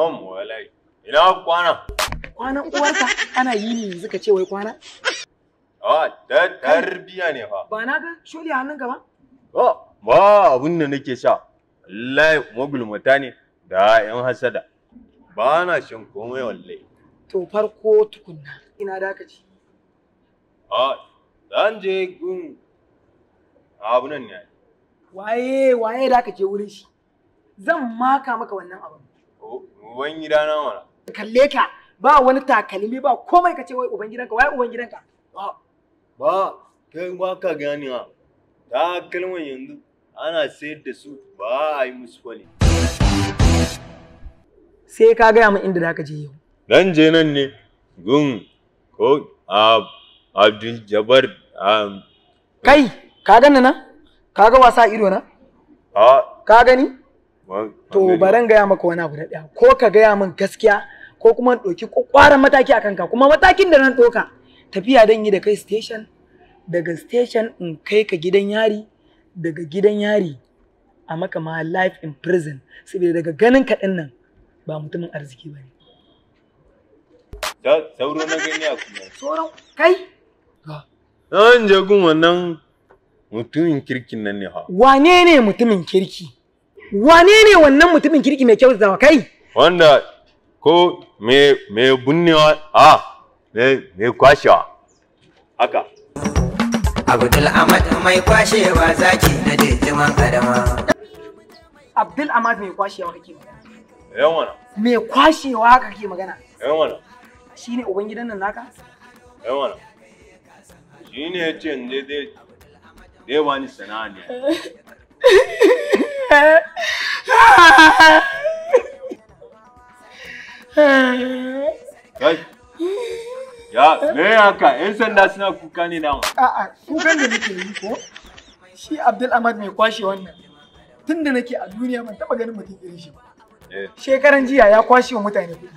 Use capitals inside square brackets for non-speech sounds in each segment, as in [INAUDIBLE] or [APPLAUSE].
Mam wallahi. Ina kwana? Kwanan uwarka ana yi ne yanzu ce wai kwana? A da tarbiya ne fa. Ba na ga sholi hannun gaba? Ba ba abin da nake sha. Wallahi magulmata ne da yan hasada. Ba na shan komai wallahi. To farko tukunna ina da ka ci. A zan je gun abunan ne. Waye waye da ka je wurin shi? Zan maka maka wannan abin. Uban gida na mana. Kalle ka ba wani takalmi ba komai ka ce wai uban gidanka wai uban gidanka. Ba kai ba ka gani ha. Takalman yanzu ana sayar da su ba a yi musu kwali. Sai ka gaya min inda za ka je yau. Dan je nan ne gun ko Abdul Jabbar. Kai ka gani na? Ka ga wasa ido na? Ka gani? to baran gaya maka wani abu daya ko ka gaya min gaskiya ko kuma ɗauki kwaran mataki akan ka kuma matakin da nan ɗauka tafiya dan yi da kai station daga station in kai ka gidan yari daga gidan yari a maka ma life in prison saboda daga ganin ka din nan ba mutumin arziki ba ne. Sauro na gani a kuma. Sauro kai? An jagun wannan mutumin kirkin nan ne ha. Wane ne mutumin kirki? wane ne wannan mutumin kirki mai kyau da kai wanda ko me bunnewa a me kwashewa haka Abdul Ahmad mai kwashewa zaki na dejiman adama Abdul Ahmad mai kwashewa kake magana eh, Yan wana Mai kwashewa kake magana Yan eh, wana Shine ubangidan nan naka Yan eh, wana Shine yace ne dai dai ni sana'a ne [LAUGHS] Ya, me haka, ‘yan sanda suna kuka ne dama. A'a, kukan da nake yi ko? Shi Abdul Ahmad mai kwashe wannan. Tun da nake a duniya ban taɓa ganin mutum irin shi ba. Eh. Shekaran jiya ya kwashe wa mutane kuɗi.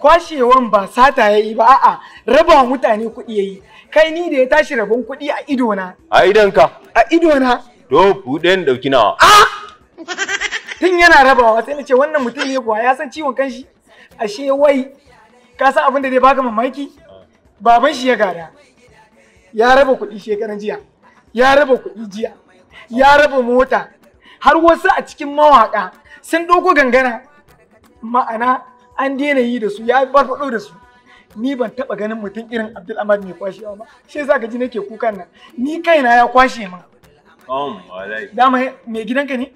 Kwashewan ba sata ya yi ba, a'a, raba wa mutane kuɗi ya yi. Kai ni da ya tashi rabon kuɗi a idona. A idonka? A idona. To, buɗe ɗauki nawa. A! Tun yana rabawa sai na ce wannan mutum ne kuwa ya san ciwon kanshi. Ashe wai ka san abin da zai baka mamaki baban shi ya gada ya raba kuɗi shekaran jiya ya raba kuɗi jiya ya raba mota har wasu a cikin mawaƙa sun ɗauko gangana ma'ana an daina yi da su ya farfaɗo da su ni ban taɓa ganin mutum irin abdul amad mai kwashewa ba shi yasa ka ji nake kukan nan ni kaina ya kwashe min oh dama mai gidanka ne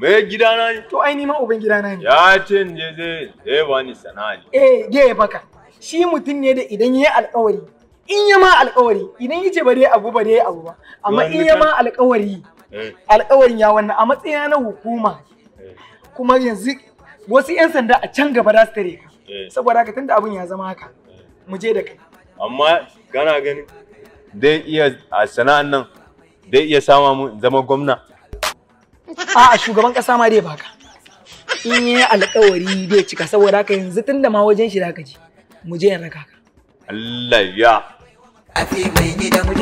Me gidana ne? To ai ni ma uban gidana ne. Ya ce in dai dai zai bani sana'a ne. Eh je baka. Shi mutum ne da idan yayi alƙawari in ya ma alƙawari idan yace ba dai abu ba dai abu ba amma in ya ma alƙawari eh. alƙawarin ya wannan a matsayina na hukuma eh. kuma yanzu wasu 'yan sanda a can gaba za su tare ka eh. saboda haka tunda abin ya zama haka mu je da kai amma kana ganin dai iya a sana'an nan dai iya sama mu zama gwamna A'a shugaban kasa ma dai baka. In yi alkawari dai cika saboda haka yanzu tunda ma wajen shi da ka ji, Mu je in raka ka. Allah ya. fi mai gidan